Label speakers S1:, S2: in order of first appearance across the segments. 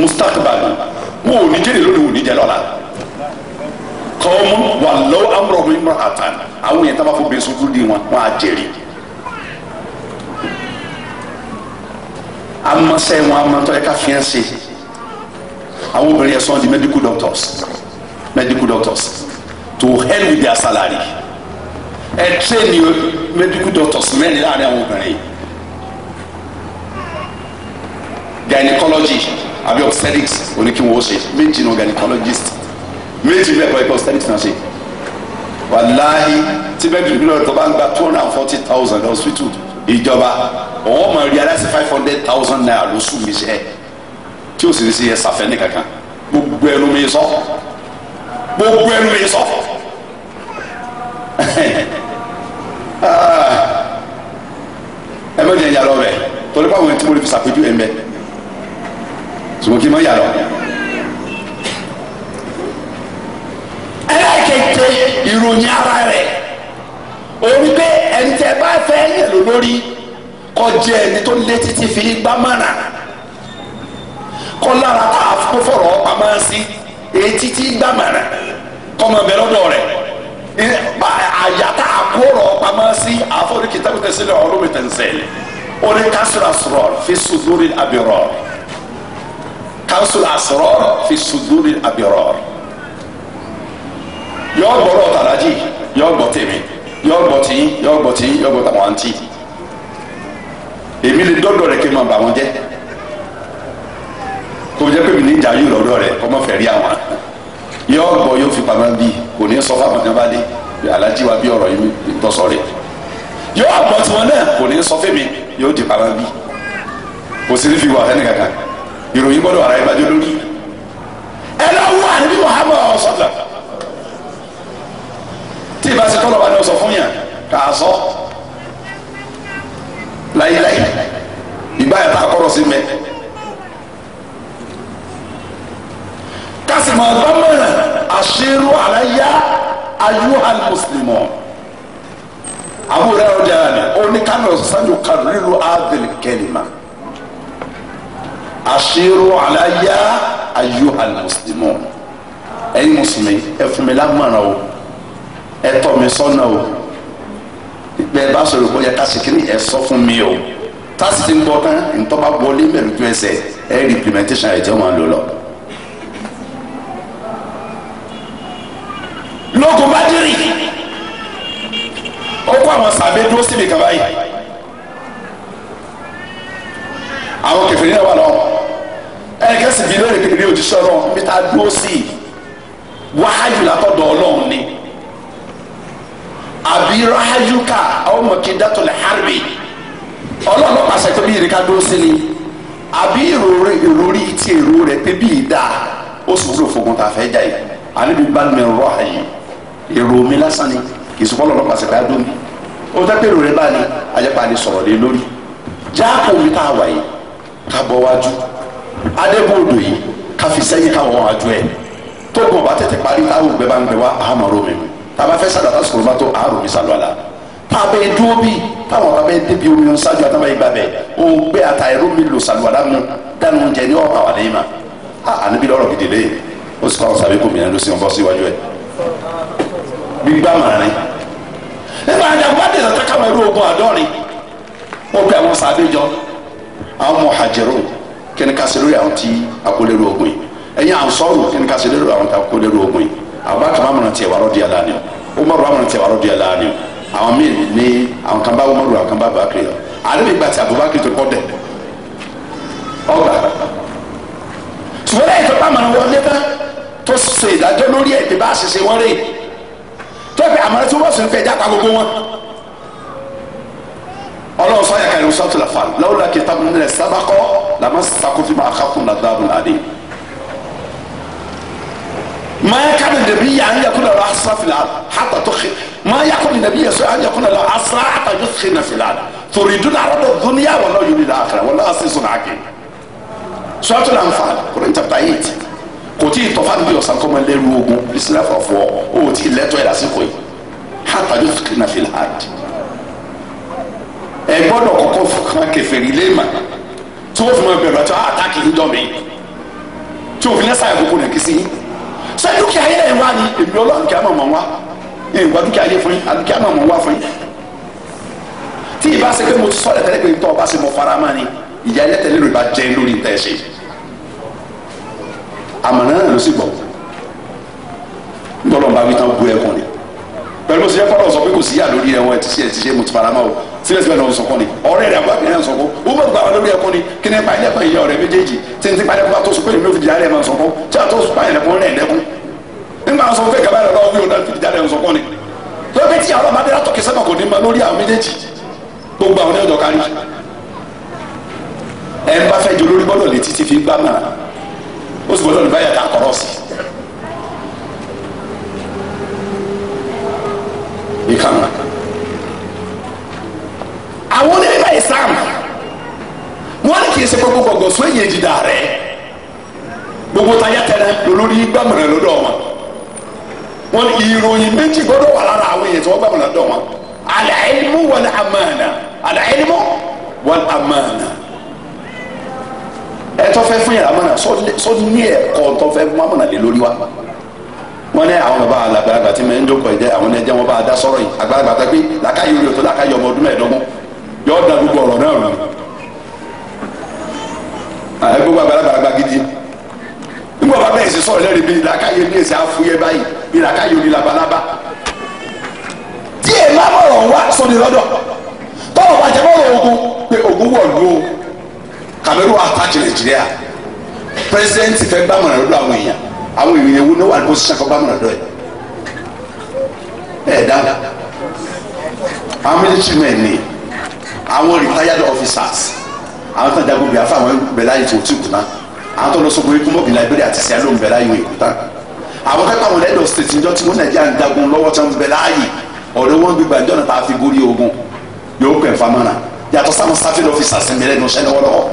S1: mustakbal wọn ò ní jẹ́rìí lónìí wọn ò ní jẹ́ lọ́la kọ́mú wà lọ́wọ́ amúrọ̀mù ìmọ̀ àtàn àwọn yẹn tábà fún bẹ́ẹ̀ sojú di wọn wọn á jẹ́rìí. amasẹ́ wọn amatọ́ ẹ̀ka fiẹ́ ṣe àwọn obìnrin yẹn sọ́n di medical doctors medical doctors to hell with their salary ẹ tẹ́ni medical doctors mẹ́rin láàrin àwọn obìnrin gynecology àbí obstetrics oníkíwọ́n ó ṣe méjì ní gynecologist méjì ní ẹ̀kọ́ ẹ̀kọ́ obstetrics náà ṣe wàláhì tí bẹ́ẹ̀ dùn lọ́dọ̀ tó bá ń gba two hundred and forty thousand hospital ìjọba òun ọmọ rí aláṣẹ five hundred thousand naira lóṣù mi ṣe tí ó sì ní sí ẹ sàfẹ́ ní kankan gbogbo ẹnu mi sọ gbogbo ẹnu mi sọ ah. ẹ mọ̀ jẹ́ ìyá lọ́wọ́ rẹ̀ torí báwo ni tí mo fi ṣàpèjú ẹ̀ mẹ́ ṣùgbọ́n kí n má yà lọ. ẹlẹ́kẹ̀kẹ́ ìròyìn ara rẹ̀ orí pé ẹni tẹ́ bá fẹ́ yẹ̀ ló lórí kọjá ẹni tó lé títí fi gbá mọ́ra kọ́ lára tá a fún fọ̀rọ̀ pamọ́ sí èyí títí gbá mọ́ra kọ́ mọ́ bẹ́ẹ̀ lọ́dọ̀ rẹ̀ àyàtà àkóró pamọ́ sí àfọ̀rí kìtàkùtà sílẹ̀ ọlọ́mìtẹ̀nsẹ̀ orí kásìrà sọ̀rọ̀ fi sùdúrì àbírọ̀ asul asror في suduri abiror yọ gbọ́rọ̀ tàdájì yọ gbọ́ tèmi yọ gbọ́ tí yọ gbọ́ tí yọ gbọ́ tàwọn àǹtí èmi lè dọdọ rẹ kí n máa bà wọn jẹ kò jẹ pé mi ní ìjà yìí lọ́dọ̀ rẹ kọ mọ fẹ́ rí àwọn yọ gbọ́ fi pamọ́ bí kò ní sọ fáwọn kan bá dé alájí wa bí ọ̀rọ̀ yìí tọsọ rẹ yọ gbọ́ tiwọn náà kò ní sọ fẹmi yóò di pamọ́ bí kò sí ní fi kankan ìròyìn gbọ́dọ̀ ara ẹ bá jẹ lórí ẹ lọ wọ àdébí Muhammad ọsọdà tí ìbá ṣe tọ́lọ̀ wa ni ọsọ fún yàn kà á sọ láyéláyé ìgbà yẹn tá a kọ́rọ̀ sí mẹ́ kásìmọ̀ gbọ́mọ̀ràn àṣírò àlàyé ayúhàn mùsùlùmọ̀ àbúrò ẹ̀rọ jẹ́ àná ó ní kánò kàdúrà lílo àdìlì kẹlìmọ̀ àṣírò àlàyé ayuhal muslimun ẹ̀yin mùsùlùmí ẹ fún mi lámọ̀ràn o ẹ tọ́ o bẹ́ẹ̀ bá sọ̀rọ̀ bóyá kásìkiri ẹ sọ fún mi o tásìtì ń bọ̀ tán ntọ́ba wọlé mẹ́rin ju ẹsẹ̀ ẹ rí implementation ẹ̀ jẹ́ wọn lò lọ. lókun bá dírì ó kó àwọn sàbẹ dúró síbi kaba yìí àwọn kẹfìrí náà wà lọ sì bí lórí pé ní òjíṣẹ́ ọlọ́run níbi tá a dúró sí i wáhájú látọ̀dọ̀ ọlọ́run ni àbí ráhájúkà ọmọ kí dátọ̀lẹ̀ hárìbì ọlọ́run ló pàṣẹ pé bí ìrìn ká dúró sí ni àbí ìròrí ìròrí tí èrò rẹ̀ pé bí ìdá ó sòwúrò fògùn tá a fẹ́ jà yìí àlebi bá mi rọ àyè èrò mi lásán ni kì í sọ fọlọ́ ọlọ́pàá sẹ̀ká dómi ó fẹ́ pé èrò rẹ̀ báyìí ajẹ́pàá lè sọ̀rọ̀ lé lórí jáàpọ̀ mi tá a wà yìí ká bọ́ wájú adébòdò yìí káfi sẹ́yìn káwọn àjọ ẹ̀ tó gbọ̀n bá tètè parí táwọn ògbẹ́ bá ń gbẹ wá àmọ̀rò mi tàbá fẹ́ sàdá tá sùkúrú bá tó àárò mi sàlọ́ àlà tàbẹ́ dúró bí táwọn bá bẹ́ débi omi ọ̀hún ṣáájú àtàwọn ìgbà bẹ́ ògbẹ́ àtà ẹ̀rọ mi lò sàlọ́ àlà mu dánú oúnjẹ ní ọ̀pá wà lẹ́yìn mà a àníbi lọ́rọ̀ gidi lé o sì fáwọn sàbí kò mìíràn ló sì ń bọ́ síwájú ẹ̀ gbígbá màrín nígbà àjàgbá dèjà tákàmẹ́rù ogun àdọ́rin ó gbé àwọn kí ni ká ṣe lórí àwọn tí akólérò ogun yìí ẹ̀yin ànsọ́rù kí ni ká ṣe lórí àwọn tí akólérò ogun yìí abubakar mamman tiẹ̀ wàrọ̀ di aláàni o umaru mamman tiẹ̀ wàrọ̀ di aláàni o àwọn míì ní àwọn kan bá umaru àwọn kan bá abubakar yìí àdébí gba ti abubakar tó kọ́ dẹ̀ ọgbà ṣùgbọ́n ẹ̀yìn tó bá mọ̀nà wọlé tán tó ṣe ìdájọ́ lórí ẹ̀ bá ṣiṣẹ́ wọn rè tó ẹ̀ pé àmọ́ tí wọ́n sì ń fakutiba akhakum adhabun alim ما كان النبي أن يكون له عصا في الأرض حتى تخن ما يكون النبي أن يكون له عصا حتى يثخن في الأرض تريدون عرض الدنيا والله يريد الآخرة والله أسيس عقيم سورة الأنفال قرآن chapter 8 kò tí ì tọ́fà níbi ọ̀sán kọ́ máa lẹ́rú ogun bisimilá fọ̀fọ̀ o ò tí ì lẹ́tọ̀ ẹ̀ lásìkò yìí hàtà yóò fi kìnnà fi hàd ẹ gbọ́dọ̀ kọ́kọ́ fún kàn kẹfẹ́ rí lẹ́ẹ̀mà tí wọ́n fi máa bẹ̀rù àti àtàkì ah, yìí dọ̀mí tí òfin lẹ́sà ìkókó nà kí sí yín sọ dúkìá yẹ ẹ̀ wá ni èmi ọlọ́run kí a máa mọ̀ wá ẹ̀ wá dúkìá yẹ fún yín àdúkìá máa mọ̀ wá fún yín tí ìbá ṣe pé mo ti sọ̀rọ̀ tẹ́lẹ̀ pé ntọ́ ọba ṣe mo fara máa ni ìyá yẹ tẹ́lẹ̀ rẹ̀ bá jẹ́ lórí ntẹ́ ṣe àmọ̀ràn náà ló sì gbọ̀ ntọ́lọ́mbà wí tán bu ẹkùn ni pẹ̀lú mo ṣe yẹ fọlọ́ sọ pé kò síyà lórí ẹ̀wọ̀n ẹ̀ ti ṣe ẹ̀ ti ṣe mo ti fara máa wò síbẹ̀síbẹ̀ lọ sọ̀kọ́ ni ọ̀rẹ́ rẹ̀ àbúrò kìnìún sọ̀kọ́ wọ́n bá wà lórí ẹ̀kọ́ ni kí ní pàyẹ́ pàyẹ́ ìyá ọ̀rẹ́ méjèèjì tí n ti pàyẹ́ pàtó sọ pé èmi ò fi jàre máa sọ̀kọ́ tí a tó sọ pàyẹ́ lẹ́kọ́ rẹ̀ lẹ́kún nígbà sọ fẹ́ kaba ẹ̀rọ wí ọ̀dà fi jàre sọ̀kọ́ ni lọ́pẹ́ tí àwọn amadé látọ̀ kẹsẹ́ kò ní ma lórí àwọn méjèèjì gbogbo àwọn ẹ̀dọ̀ kárí ẹ̀ ń bá fẹ́ jọ lórí bọ́lọ̀ létí ti fi gbá mọ́ra ó sì gbọ́dọ̀ ní báyà tá a kọ̀rọ̀ sí i kama àwọn onímọ̀ Islam wọ́n ní kì í ṣe gbogbo gbọ̀ngàn sún èyí ìjìdá rẹ̀ gbogbo táyà tẹ̀lé lórí gbàmùrẹ̀ lọ́dọ̀ wọn wọn ní ìròyìn méjì gbọ́dọ̀ wà lára àwọn èyí tí wọ́n gbàmùrẹ̀ lọ́dọ̀ wọn al-ilmu wal-amana al-ilmu wal-amana ẹtọ́ fẹ́ fún yàrá mọ́nà sọ ní ẹ̀kọ́ tọ́ fẹ́ fún mọ́nà lé lórí wa wọn ní àwọn bàbá àgbàlagbà tí mẹ́ńdókòó ẹ̀jẹ̀ àwọn ẹ̀jẹ̀ wọn bá a dá sọ́rọ̀ yìí àgbàlagbà tó gbé làkàyè orí ọ̀tọ̀ làkàyè ọmọ ọdún mẹ́ẹ̀ẹ́dógún yọọ da gbogbo ọ̀rọ̀ náà rú àyè gbogbo àgbàlagbà gidi nígbà bá bẹ́ẹ̀ sì sọ̀rọ̀ lẹ́rìí bí làákàyè bí èsì àfúyẹ́ báyìí bí làákàyè òní labalábá díẹ̀ máa mọ̀rọ̀ wá sọ̀dí lọ́dọ̀ tọ́lọ̀ bàjẹ́ mọ̀rọ̀ ogun pé ogun wọ̀ kàmẹ́rù àtàkì nàìjíríà fẹ́ gbàmọ̀ràn lọ́dọ̀ àwọn èèyàn àwọn èèyàn wo ni wà ní kó gbàmọ̀ràn lọ́dọ̀ àwọn retired officers àwọn tó ń jagun Biafra àwọn bẹ̀lá yìí tó ti kù tán àwọn tó lọ sọ bóyá kúmọ̀bì Liberia àti sierra leone bẹ̀lá yìí kù tán àwọn tó kàwọn lẹ́dọ̀ state níjọ́ tí wọ́n Nàìjíríà ń jagun lọ́wọ́ tó ń bẹ̀lá yìí ọ̀rẹ́ wọn gbígbà ìjọ́nà tá a fi borí ogun yóò pẹ̀ famara yàtọ̀ sáwọn staffing officers ń bẹ̀rẹ̀ nọ́ṣẹ́ lọ́wọ́lọ́wọ́.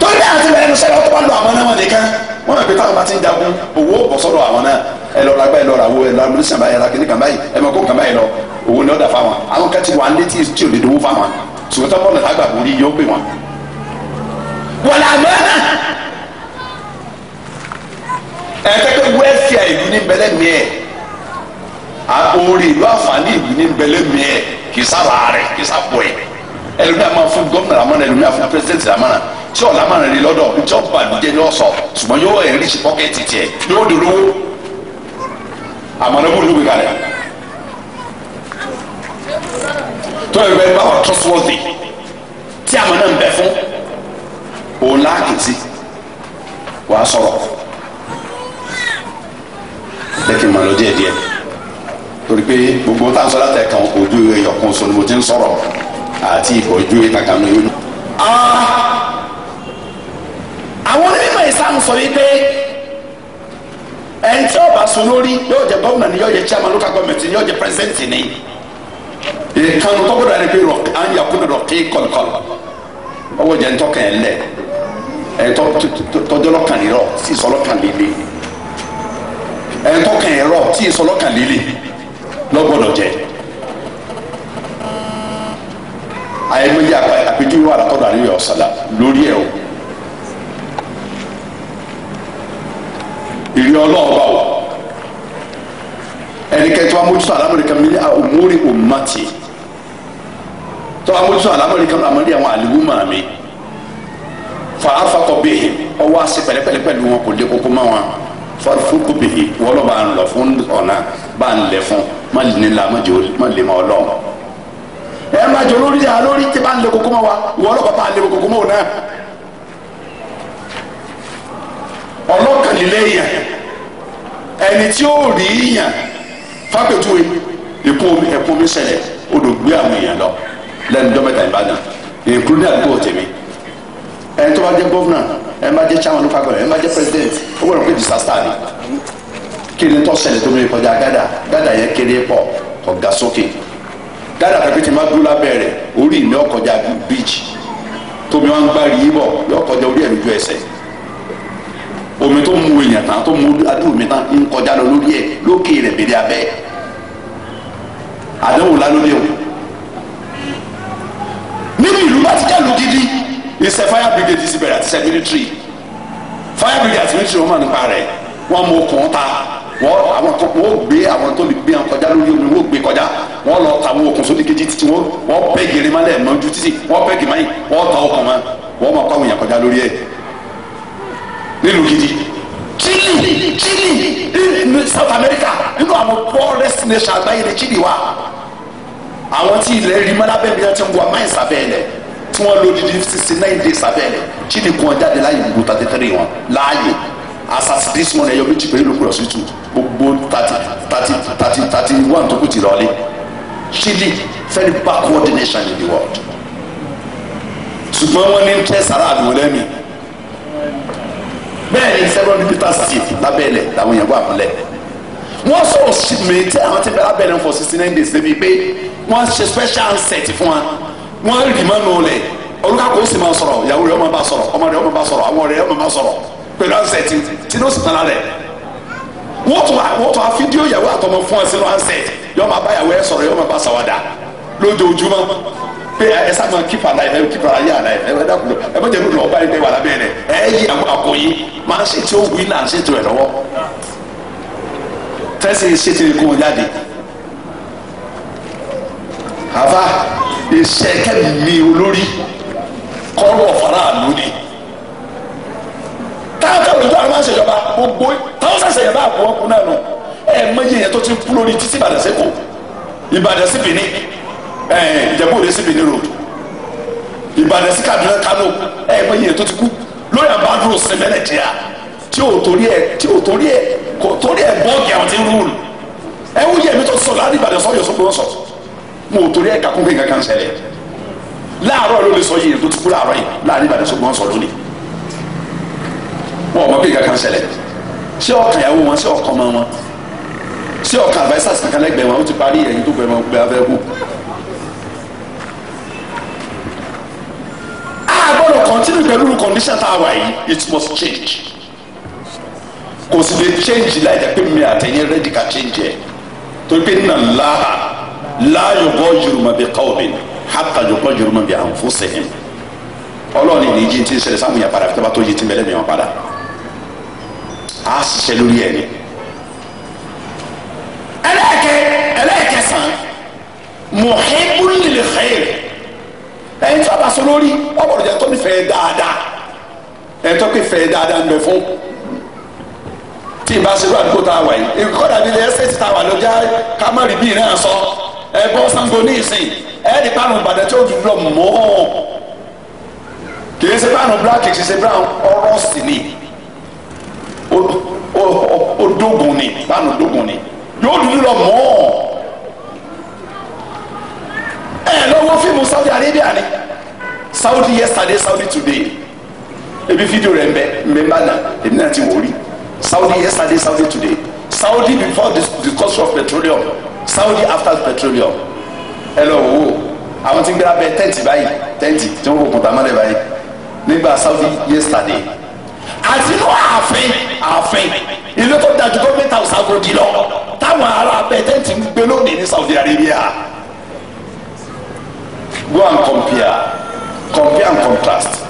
S1: torí àti bẹ̀rẹ̀ nọ́ṣẹ́ lọ́wọ́ tó bá lọ àwọn náà wọn nìkan wọn náà pé táwọn bá ti ń jagun owó bọ̀ sọ́dọ̀ àwọn náà ẹ lọ ra gbá ẹ lọ ra wo ẹ lọ amúlísàn báyìí ẹ ra kíní kan báyìí ẹ mọ kó kan báyìí lọ owó ni ọ̀dà fáwọn àwọn kan ti wà ní létí tí ò lè dowó fáwọn ṣùgbọ́n tọ́pọ̀ lọ́la gbà borí yóò pè wọ́n. wọ́n àmọ́ ẹ kẹ́kẹ́ wẹ́ẹ̀sì ìlú ní bẹ́lẹ́ mi ẹ̀ orí ìlú àǹfààní ìlú ní bẹ́lẹ́ mi ẹ̀ kì í sábà rẹ̀ kì í sábọ̀ ẹ̀ ẹlòmíà máa fún gómìnà àmọ́nà ẹlòmíà fún pírẹsidẹ́ntì àmọ́nà tí ọ̀la máa rìn lọ́dọ̀ ìjọba àdújẹ́ ni wọ́n sọ ṣùgbọ́n yóò enrich pocket tiẹ̀ yóò àmọ́ náà bó ló gbé kalẹ̀ tó yẹ bẹ́ẹ̀ bá wà trustworthy tí àmọ́ náà ń bẹ fún òun láàkìtì wàá sọ̀rọ̀ lẹ́kì máa lọ díẹ̀ díẹ̀ torí pé gbogbo tá a sọ láti ẹ̀ka ojú ẹ̀yọ̀kan sọ ni mo ti ń sọ̀rọ̀ àti ìbọ̀jú ìkàkà náà yóò. àwọn onímọ̀ ìsáàmù sọ wípé ẹni tí ọba sùn lórí yóò jẹ gómìnà ni yóò jẹ chairman local government ni yóò jẹ president ni ìkànnì tọ́gbọ́dọ̀ ẹni pé ànyàkúndà rọ̀ kí kọ̀lọ̀kọ̀lọ̀ ọwọ́ jẹ́ ntọ́kàn ẹ̀ lẹ̀ ẹ̀tọ́ tọ́jọ́lọ́kàn rírọ̀ sí ìsọlọ́kàn líle ẹ̀ntọ́kàn ẹ̀ rọ̀ sí ìsọlọ́kàn líle lọ́gbọ́dọ̀ jẹ́ ayélujára àpèjúwe wà látọ̀dọ̀ àríyọ̀ ọ̀sálà lórí ẹ̀ o. iri ọlọ́ọ̀bá o ẹnikẹ́ni tó bá mójútó àlámọ̀rí kan nílé òmórí ummati tó bá mójútó àlámọ̀rí kan àmọ́lé àwọn àlùmọ̀ mi fa afakọ ọwọ́ àṣẹ wọn kò lé koko mọ́ wọn fa fúnkù bihi bá ń lọ fún ọ̀nà bá ń fún má lè má lè má ẹ má lórí yà lórí tí bá ń koko mọ́ wa bá bá koko mọ́ ọlọ́kànlélẹ́yìn ẹni tí ó rí yàn fápẹ̀tùwé ìkún omi ẹ̀kún omi ṣẹlẹ̀ odò gbé àwọn èèyàn lọ lẹ́nu dọ́mẹ́ta ìbàdàn èkúrú ní àdúgbò tèmi ẹni tó bá jẹ́ gómìnà ẹni bá jẹ́ chairman of parliament ẹni bá jẹ́ president ó wọ̀rọ̀ pé disaster ni kí ni tó ṣẹlẹ̀ tó mi kọjá gádà gádà yẹn kéré pọ̀ ọ̀gá sókè gádà tàbí tí ma dúró lábẹ́ orí ìní ọkọjá bíi tómi wọn gbá rí bọ̀ yọkọjá orí ẹ̀ lójú ẹsẹ̀ omi tó mu èèyàn tán tó mu adúlù mi tán ń kọjá lọ lórí ẹ lókè rẹ bèrè abẹ àdéhùn lálórí o nínú ìlú bá ti jẹ́ ìlú gidi iṣẹ́ fire brigade ti bẹ̀rẹ̀ àti iṣẹ́ military fire brigade àti military wọ́n mọ̀ nípa rẹ̀ wọ́n mú okùn ta wọ́n àwọn tó wọ́n gbé àwọn tó lè gbé àwọn kọjá lórí omi wọ́n gbé kọjá wọ́n lọ ta àwọn okùn sódì kejì títí wọ́n wọ́n pẹ́ gèrè mọ́lẹ̀ mọ́jú títì wọ́n pẹ́ gèrè mọ́yìn wọ́n ta okùn mọ́ wọ́n mọ̀ kọ́ àwọn èèyàn kọjá lórí ẹ̀ nílùú gidi Chile Chile South America nínú àwọn poorest nation àgbáyé ní Chile wa àwọn tí ilẹ̀ rí mọ́lábẹ́ mi ti ń wọ amáyé sábẹ́ ẹ̀ lẹ̀ tí wọ́n lò dídí sixty nine days sábẹ́ ẹ̀ lẹ̀ Chile kún ọjà dé láàyè gbogbo thirty three wọn láàyè asasi this morning ẹ̀yọ́ méjì péré ló kúrò sí tù gbogbo thirty thirty thirty thirty one tó kù ti lọ́ọ́lé Chile very backward nation in the world ṣùgbọ́n wọ́n ní tẹ́ sàrà àdúgbò lẹ́mìí bẹ́ẹ̀ ni seven peter c lábẹ́lẹ̀ làwọn yẹn wà mọ́lẹ̀ wọ́n sọ̀rọ̀ sí mi tí àwọn ti bẹ lábẹ́lẹ̀ for sixty nine days débi pé wọ́n ṣe special set fún wa wọ́n rì mọ́ nù lẹ̀ olùkọ́ kò sì máa sọ̀rọ̀ ìyàwó rẹ̀ ọmọ bá sọ̀rọ̀ ọmọ rẹ̀ ọmọ bá sọ̀rọ̀ àwọn rẹ̀ ọmọ bá sọ̀rọ̀ pẹ̀lú ansẹ̀ tí tí ló sì tẹ̀lé rẹ̀ wọ́n tún wọ́n tún fídíò ìyàwó àtọmọ fún ọ sínú ansẹ̀ yọ́ọ́ máa bá ìyàwó ẹ̀ sọ̀rọ̀ yọ́ọ́ máa bá sàwádà lójoojúmọ́ pé ẹ sábà kíp àlà yìí kíp àlà yìí àlà yìí ẹ dàkú ẹ bẹ jẹ lọ ọba yìí tẹ́ wà lábẹ́ rẹ ẹ yí àwọn àpò máa ṣe tí ó wí náà ṣe tó ẹ lọ́wọ́ fẹsẹ̀ ṣe ti kó wọn jáde àbá iṣẹ́ kẹ́mi olórí kọ́rọ̀ faraàlú ni táwọn ìjọ àwọn máa ń ṣèjọba gbogbo táwọn ṣẹ̀ṣẹ̀ yẹn bá àpò ọkùnrin náà nù ẹ mọ iye tó ti kú lórí títí Ìbàdàn sí kù Ìbàdàn sí Benin ẹ̀ẹ́n eh, Ìjẹ̀bú eh, Òde sí Benin road Ìbàdàn sí Kaduna Kano ẹ̀ẹ́ pé iye tó ti kú lórí àbádúró sẹ́mẹ́lẹ̀ díà tí ò torí ẹ̀ tí ò torí ẹ̀ kò torí ẹ̀ bọ́ọ̀gì àwọn tí ń rúùlù ẹ̀ wú yẹ̀ mi tó sọ̀rọ̀ láti Ìbàdàn sọ́yọ̀ sọ́gbọ́n sọ̀ mo ò torí ẹ̀ kakún pé nǹkan kan ṣẹlẹ̀ láàárọ̀ ló lè sọ yìí tó ti kú láàárọ̀ yìí láàrin Ìbàdàn sọ́gbọ́n sọ̀ lónìí wọn ò mọ pé nǹkan kan ṣẹlẹ̀ ṣé ọkàn ìyàwó wọn ṣé ọkàn ọmọ wọn ṣé ọkàn advisers kankan lẹ́gbẹ̀ẹ́ wọn ó ti parí ẹ̀yìn tó gbẹ̀rẹ̀ wọn gbé abẹ́ kú gbọ́dọ̀ continue pẹ̀lú condition tá a wà yìí it must change kò sì lè change láì jẹ́ pé mi àtẹ̀yìn ready ka change ẹ̀ torí pé nà láha láàyò bọ́ yorùmá bí káwọ́bì hàtà yóò bọ́ yorùmá bí àǹfọ̀sẹ̀hìn ọlọ́ọ̀ni ní jí ti ń ṣẹlẹ̀ sáwọn yẹn padà fi tó bá tó yí ti mẹ́lẹ́ mi wọn padà á ṣiṣẹ́ lórí ẹ̀ ni ẹlẹ́ẹ̀kẹ́ ẹlẹ́ẹ̀kẹ́ sàn muhibbun lil khair ẹni tí wọn bá sọ lórí wọn bọ̀dọ̀ jẹ́ tó ní fẹ́ dáadáa ẹni tó pé fẹ́ dáadáa ń bẹ fún tí ì bá ṣe lóra àdúgbò tá a wà yìí ìkọ́dà bíi ilẹ̀ ẹsẹ̀ ti ta wà lọ́jà ká má rí bíi náà sọ ẹ bọ́ sango ní ìsìn ẹ ní pàrọ̀ ìbàdàn tí ó dùn lọ mọ́ kì í ṣe pàrọ̀ black kì í ṣe brown ọ̀rọ̀ sì ni ó dógùn ni pàrọ̀ dógùn ni yóò dùn lọ mọ́ ẹ eh, lọ́wọ́ fíìmù Saudi Arabia ni Saudi yesterday Saudi today ebi fídíò rẹ̀ mbẹ mbẹ mbà náà èmi náà ti wò Saudi yesterday Saudi today Saudi before the discovery of petroleum Saudi after petroleum ẹ lọ wò ó àwọn tí ń gbéra bẹ tẹ́ǹtì báyìí tẹ́ǹtì tí wọ́n kò kùtà mọ́lẹ̀ báyìí nígbà Saudi yesterday àti inú ààfin ààfin ilé tó dájú gọ́ọ̀mẹ́ntà ọ̀sàgòdì lọ táwọn ará abẹ tẹ́ǹtì ń gbé lónìí ní Saudi Arabia go and compare compare and contrast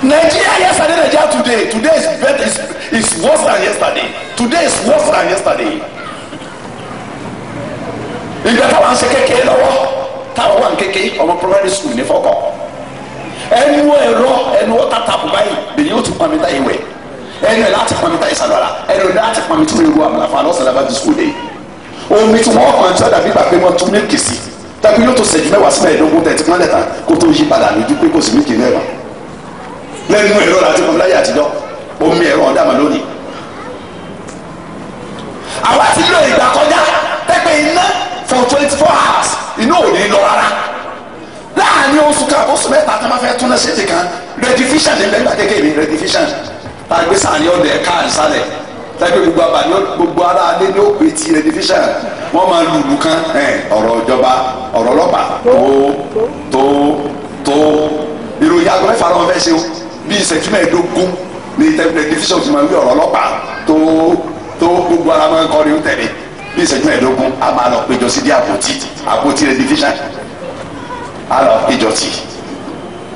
S1: nigeria yesterday nigeria today today is better is, is worse than yesterday today is worse than yesterday ìgbà táwọn ń ṣe kékeré lọ́wọ́ táwọn wà ń kékeré ọmọ primary school ní fọkọ ẹnu ẹ̀rọ ẹnu ọ̀tá tapu báyìí bèyí ó ti pàmì táyé wẹ̀ ẹnu ẹ̀ láti pàmì táyé sàlọ́ra ẹnu ẹ̀ láti pàmì tí wọ́n ewu àmàlà fún alọ́sàlábà ti school day. omi tí wọ́n kàn ń sọ́dà bí bàbá wọn tún mí kìsì tàbí yóò tó ṣẹ́jú mẹ́wàá sí mẹ́ẹ̀ẹ́dógún tẹ̀tí mọ́lẹ̀ tán kó tó yí padà lójú pé kò sí méjì náírà lẹ́nu ẹ̀rọ láti mọ láyé àtijọ́ omi ẹ̀rọ ọ̀dà màá lónìí. àwa ti lo ìgbà kọjá pẹ́pẹ́ iná for twenty four hours iná ò ní lọ rárá láàrin oṣù kan oṣù mẹ́ta tó máa fẹ́ tún náà ṣèṣì kan redivision ní bẹ́ẹ̀ gbàdégé mi redivision tá a gbé sàn ní ọ̀dẹ̀ káàdì sálẹ̀ tẹ́gbẹ́ gbogbo abàní gbogbo ara alẹ́ ní òpè ti ẹ̀dífíṣà wọ́n máa lu ìlú kan ọ̀rọ̀ ìjọba ọ̀rọ̀ ọlọ́pàá tó tó tó ìròyìn aago mẹ́fà lọ́wọ́ fẹ́ ṣe o bí ìṣẹ́jú mẹ́ẹ̀ẹ́dógún ní ẹ̀dífíṣà ti máa wí ọ̀rọ̀ ọlọ́pàá tó tó gbogbo ara máa ń kọ́ ni ó tẹ̀lé bí ìṣẹ́jú mẹ́ẹ̀ẹ́dógún a máa lọ péjọ sí dí àpótí àpótí ẹ̀dífíṣà a lọ péjọ sí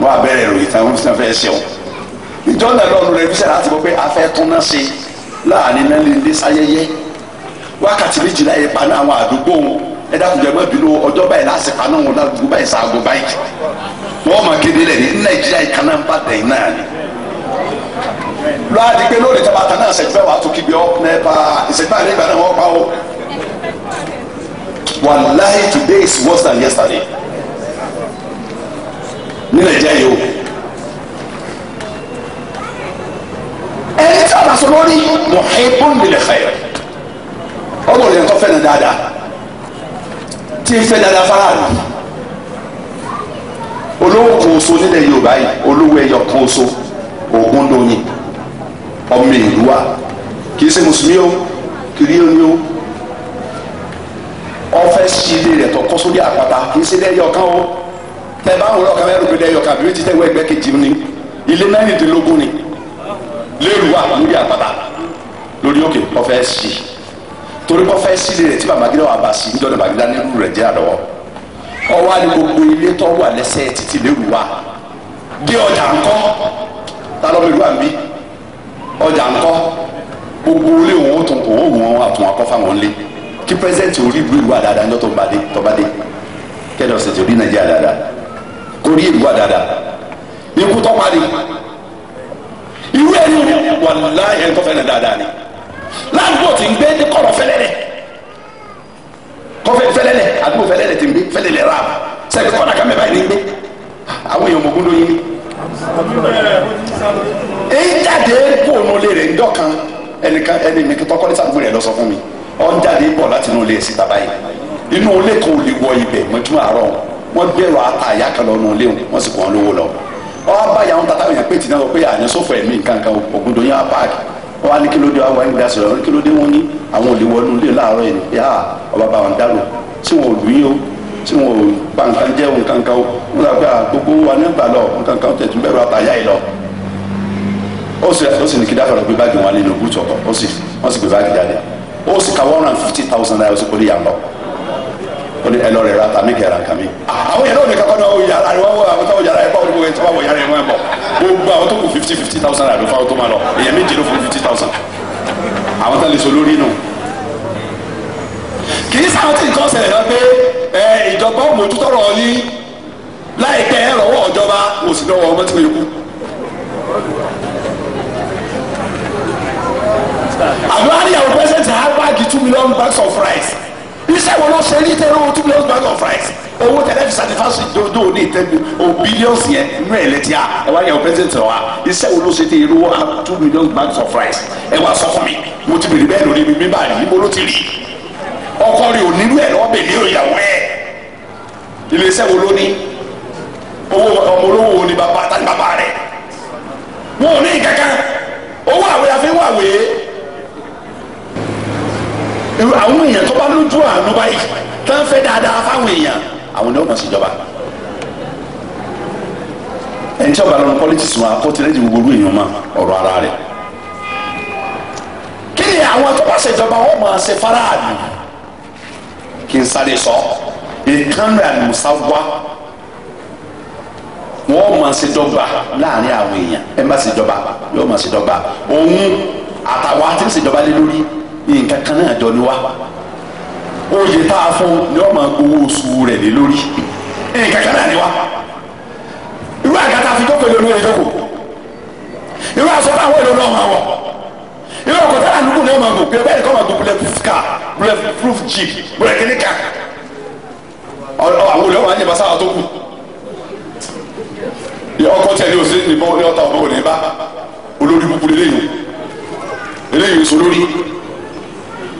S1: wọ́n abẹ́rẹ́ ìròyìn táwọn fẹ́ ṣe láàrin mẹ́rìnlẹ́ sáyẹyẹ wákàtí méjìlá yẹn paná àwọn àdúgbò wọn ẹ dákun jẹ́ báyìí láti paná wọn ládùúgbò báyìí sáàgó báyìí wọ́n mọ̀ kéde ní nàìjíríà ìkànnà ń bàtẹ̀ yìí náà ni lọ́wọ́dì pé lórí ìjọba àtàná ìṣèjúbẹ́ wàá tó kígbe ọ́ nípa ìṣèjúbẹ́ àlẹ́ ìgbà náà wọ́n pa ó. wàláhì today is worse than yesterday ní nàìjíríà yìí o. ẹni tí a bá sọ lórí muhibbun lil khair ọmọ rẹ̀ tó fẹ́ràn dáadáa tí ń fẹ́ dáadáa fáráàlú olówó kan nílẹ̀ Yorùbá yìí olówó ẹyọ kan oṣù ògùn ọmọ ìlú wa kì í ṣe mùsùlùmí o kiri omi o ọfẹ sílé rẹ tọ kọsódì àpáta kì í ṣe lẹ́yìn ọ̀kan o tẹ bá ń wọlé ọ̀kan mẹ́rin lóbi lẹ́yìn ọ̀kan bí wọ́n ti tẹ́wọ́ ẹgbẹ́ kejì ni ilé mẹ́rìndínlógún ni lérò wà lórí àpáta lórí òkè ọ̀fẹ́ sí torí ọ̀fẹ́ sí lè tí babagida wà bá sí níjọ́ ní babagida nírú rẹ̀ jẹ́ àdọ́wọ́ ọwọ́ ni gbogbo ilé tó wà lẹ́sẹ̀ títí lérò wà bí ọjà ńkọ́ ta lọ́mọ ìlú àmì ọjà ńkọ́ gbogbo ilé òun tó òun òun àtún akọ́ fáwọn ilé kí pẹ́sẹ́ǹtì orí ìlú ìlú àdáadáa ńjọ́ tó bá dé tó bá dé kẹ́ni ọ̀sẹ̀ tí orí nàìjíríà dáadáa kórìí ìlú àdáadáa ikú tó parí irú ẹni wọn láàyè ń tọ́fẹ́ náà dáadáa ni láàbò tí ń gbé ní kọ̀rọ̀ fẹ́lẹ́lẹ̀ kọfẹ́ fẹ́lẹ́lẹ̀ àdúgbò fẹ́lẹ́lẹ̀ tí ń gbé fẹ́lẹ́lẹ̀ rà sẹ́gbẹ́ kọ́nà kàmẹ́ báyìí ní gbé àwọn èèyàn mọ̀gún lóyún ni. èyí jáde kó o nulẹ̀ rẹ̀ ńdọ́ kan ẹnìkan ẹni mi tọ́kọ́ ní sàgbó rẹ̀ lọ sọ fún mi ọ̀ ń jáde bọ̀ láti inú ilé sí bàbá yìí inú ilé kan ò lè wọ ibẹ̀ mọ́jú àárọ̀ wọn gbẹ̀rọ àtàyà kan lọ́nu ilé wọn sì kọ́ ọ lówó lọ́wọ́ wọ́n bá yàwọn tata yẹn pé tì náà pé àyàn sọ̀fọ̀ ẹ̀mí nǹkankan ògùdó yẹn á páàkì wọ́n á ní kílódé wa ń dasọ̀ ọ́n kílódé wọ́n ní àwọn olè wọnú ilé láàárọ̀ yẹn pé a ọba bá wọn dárò tí wọn ò lù yín o tí wọn ò pa nǹkan jẹ́ nǹkankan o wọ́n sọ pé a gbogbo wa ní gbà lọ nǹkankan tẹ̀ tún bẹ̀rù àtàyà yìí lọ. ó sì ó sì ní kí dáfọ̀rọ̀ gbé báàgì wọn lé ní ogún tọ̀tọ̀ ó sì wọ́n sì gbé báàgì jáde ó sì ka one fifty thousand naira ó sì kó ó ní ẹlọ́rẹ̀ ra tàmí kẹra kàmí. Ah, àwọn yẹn náà ní kankan náà wọ yàrá rẹ wọn wọ àwọn táwọn yàrá rẹ báwo ni wọn wọ yàrá rẹ wọn bọ gbogbo àwọn tó kù fifty fifty thousand àbí fáwọn tó máa lọ èyàn méje ló fifty thousand àwọn táwọn lè so lórí nù. kì sáwọn tí nǹkan ṣẹlẹ̀ lọ pé ẹ ìjọba ò mójútọ́rọ̀ yín láìpẹ́ ẹ rọwọ́ ìjọba sí lọ́wọ́ ọmọ tí wọ́n yẹ àdúrà ni àwọn pẹ́sẹ̀ntì two million bags of rice iṣẹ́ wo ló ṣe rí tẹ́lẹ̀ owó two billion bag of rice owó tẹ̀lé fi sacrifice dodo ní ìtẹ́bi o billions yẹn nínú ẹ̀ lẹ́tí a ẹ wá yẹ o president wa iṣẹ́ wo ló ṣe tẹ́ irú two million bags of rice ẹ wá sọ fún mi mo ti bèrè bẹ́ẹ̀ lórí mi mi bá rí ibo ló ti rí ọkọ rẹ ò nínú ẹ̀ lọ́ọ́ bèbí ìyàwó ẹ̀ iléeṣẹ́ wo ló ní owó ọmọ olówó wo ni bàbá àtàlí bàbá rẹ̀ wọn ò ní ìkankan owó àwẹ̀ àfi wàwẹ̀ àwọn èèyàn tó bá lójú àánú báyìí tó ń fẹ́ dáadáa fáwọn èèyàn àwọn ni ó kàn síjọba ẹni tí ọba lọ́nu politics wọn akọ́tẹ́lẹ́ ti gbogbo èèyàn mọ ọ̀rọ̀ ara rẹ̀ kí ni àwọn tó bá ṣèjọba wọn máa ṣe faraàlú kí n sáré sọ ìkànnì àlùmùsáwá wọn máa ṣe dọ́gba láàrin àwọn èèyàn ẹ má ṣe dọ́gba yóò máa ṣe dọ́gba òun àtàwọn àti ṣèjọba lé lórí nǹkan kan náà jọ ni wá oyè tá a fún ni wọ́n máa gbowó oṣù rẹ̀ lé lórí nǹkan kan náà ni wá irú àgàtà fi jókòó lórí rẹ̀ jókòó irú aṣọ táwọn èlò náà máa wọ̀ irú ọkọ̀ táwọn àdúgbò náà máa gòkè bẹ́ẹ̀ kọ́ máa gòkè bulletproof car bulletproof jeep búrẹ́kìnní car àwọn olè wọn á yẹba sáà tó kù ọkọ̀ tẹ̀lé òsè ní ọ̀tá ọ̀bọ̀n òní bá olórí kúkú lélẹ́yìn lélẹ́yìn sọ lórí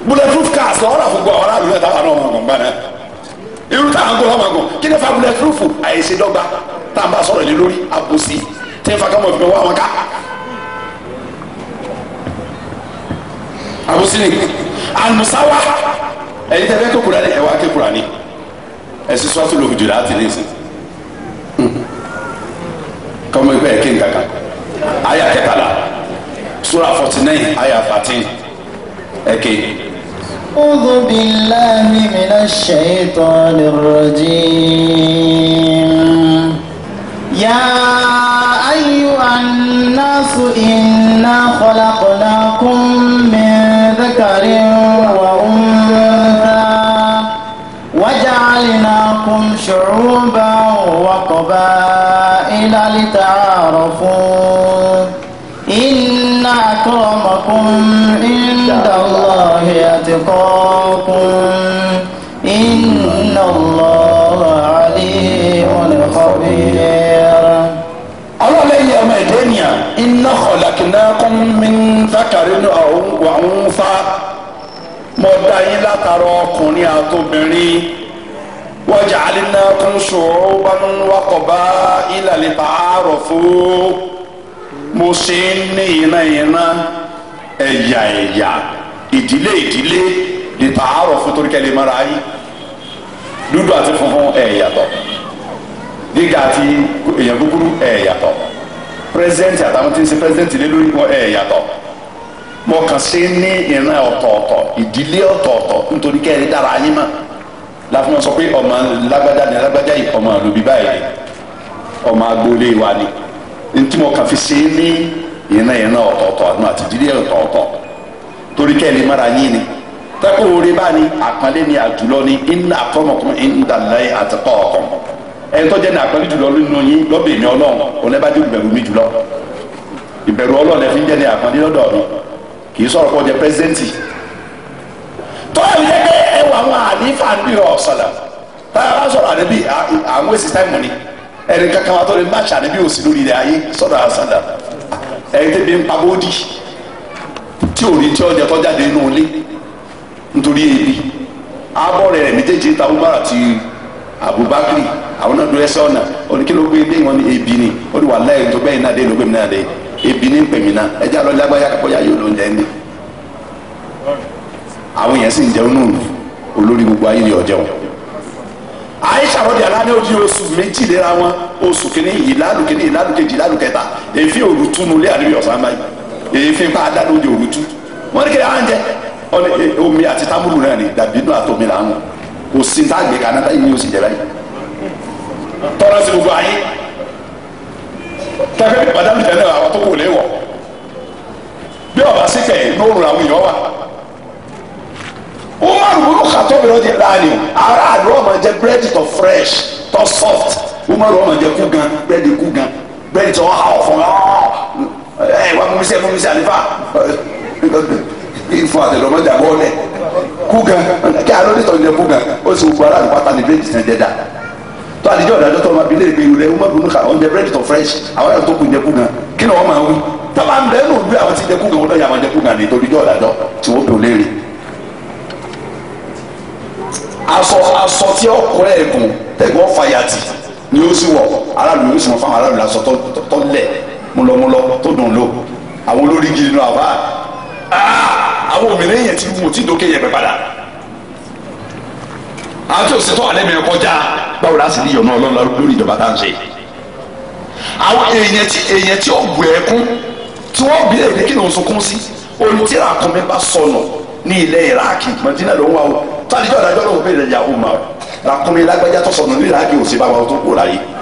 S1: bulletproof car sọ ọ́nà fún gbọ́ ọ̀rá mi náà táwọn ọmọ ọ̀gàn gbáná irú táwọn gbọ́ ọmọ ọ̀gàn kí ni fa bulletproof àyèsè dọ́gba tá a bá sọ̀rọ̀ lé lórí àbòsí tí n fa kámọ̀ fi wá wọn ká àbòsí ni àlùsáwá ẹ̀yin tẹ́ fẹ́ kékura ni ẹ̀ wá kékura ni ẹ̀ sì sọ́tò lòun jù láti ní ìsìn kọ́mọ ẹgbẹ́ kí n kankan aya kẹtàlá sura forty nine aya thirteen ẹ̀kẹ́. Okay. أعوذ بالله من الشيطان الرجيم يا أيها الناس إنا خلقناكم من ذكر وأنثى وجعلناكم شعوبا وقبائل لتعارفوا إن أكرمكم يلقاكم إن الله عليم خبير ọlọ́lẹ́yìn ọmọ ẹ̀dẹ́ nìyà inna khalaqnakum min dhakarin wa untha mo dá yín látara ọkùnrin àtobìnrin wa ja'alnakum shu'uban wa qaba'ila lita'arafu mo ṣe ń ní ìran ìran ẹ̀yà ẹ̀yà ìdílé ìdílé lè ta àárọ̀ fún torí kẹ́lẹ́ mọ́ra yín dúdú àti funfun ẹ̀ yàtọ̀ gíga àti èèyàn kúkúrú ẹ̀ yàtọ̀ pírẹsidẹ́ǹtì àtàwọn tí ń ṣe pírẹsidẹ́ǹtì lé lórí wọn ẹ̀ yàtọ̀ mo kàn sí ní ìran ọ̀tọ̀ọ̀tọ̀ ìdílé ọ̀tọ̀ọ̀tọ̀ nítorí kẹ́rin dára yín mọ́ láfún wọn sọ pé ọmọ lágbájá ni lágbájá yìí ọmọ àlòbí báyìí ọmọ agboolé wa ni ntí mo kàn fi sí ní ìran ìran ọ̀tọ̀ọ̀tọ̀ àti ìdílé ọ̀tọ̀ọ̀tọ̀ torí kẹ́lẹ́ mara yín ni tẹ́kọ̀ oore bá ní àpọ́nlé ni àjùlọ ni iná àkọ́mọkùn ìdàlẹ́ àtẹ̀kọ́ ọ̀kan ẹni tó jẹ́ ní àpọ́nlé jùlọ nínú yín lọ́bẹ̀ mi ọlọ́run ọ̀nẹ́bàjú ìbẹ̀rù mi jùlọ ìbẹ̀rù ọlọ́run ẹ̀ fi ń jẹ́ ní àpọ́nlé lọ́dọ̀ mi kì í sọ̀rọ̀ kó jẹ́ pẹ́sidẹ́ǹtì tọ́lá yẹ kẹ́ ẹ wà wọn àlífà níbi ọ̀sọ̀lá táyà bá sọ̀rọ̀ ni ẹ̀rí kankan wa tó lè má ṣàdébí òsì lórí ń pa tí o rí tí ọjà tó jáde inú ilé ebi abọ́ rẹ̀ méjèèjì ta umar ti abubakar àwọn náà dúró ẹsẹ̀ ọ̀nà gbé ilé wọn ni ebi ni ó ní tó bẹ́ẹ̀ náà dé lóògbé mi náà dé ebi náà ẹjẹ́ lágbáyà yóò ló ń jẹ́ àwọn èèyàn sì ń olórí gbogbo ayé ni ọ̀jẹ̀ wọn. Aisha oṣù wọn oṣù ìlàlùkejì ìlàlùkẹta èéfín èéfín pa adá lóde òrútú wọ́n ní kí á ń jẹ omi àti tábùlù náà ni dàbí inú àtọ́mi là ń wọ̀ kò sí ní àgbẹ̀ kan náà ìyẹn ò sì jẹ báyìí tọ́lá sí gbogbo ayé tẹ́fẹ́ bí bàdá nìjẹ́ náà àwọn tó kò lé wọ̀ bí ọba sí kẹ̀ lóorùn àwọn èèyàn wà umar buru kàtó mi lọ́dí láàánú ara àdúrà ọmọ jẹ bírèdì tó fresh tó soft umar ọmọ jẹ kú gan bírèdì kú gan bírèdì tó wà áwọ̀ ẹ eh, wà mọmísẹ mọmísẹ àlefa ifọ àtẹlọmọdé àbọ ọlẹ kú gan kí alọ ní tọjú kú gan ó sì gbọ aráàlú pátá ní bírèdì tẹ̀ dẹ́dà tó àdìjọ́ ìdájọ́ tó ọmọ abilé ìgbé ìwúlẹ̀ ọmọ ìbùnú kà ọ̀njẹ bírèdì tó fresh àwọn yàtọ̀ kú jẹ kú gan kí ni wọ́n máa wí tọ́ba ń bẹ́ẹ̀ nù bí àwọn ti jẹ kú gan wọ́n náà yà máa jẹ kú gan ní ìtòdìjọ́ ìdájọ́ tí wọ́n tó léèrè aṣọ aṣọ tí ọkùnrin ẹ̀gùn tẹ̀gbọ́n fàyàtì ni ó sì wọ̀ aráàlú ló sì wọ̀ múlọmúlọ tó dùn lò àwọn olórí gidi nù àbá ah! àwọn òmìnira yẹn ti wù tí dókè yẹn pẹ́ padà àti òsètò alẹ́ mi kọjá báwo la sì ní yọ̀nà ọlọ́run lórí ìjọba tá à ń ṣe àwọn èèyàn tí èèyàn tí ó gbẹ ẹkún tí wọ́n bí èdè kí lóun sunkún sí olùtírà kan mi bá sọnù ní ilẹ̀ iraki mọ̀tínà ló ń wá o tàbí jọ̀dájọ́ lóun bèèrè ìyàwó ma o làkúnmi lágbájá tó sọnù ní iraki ò sí bá wa tó kó láyé.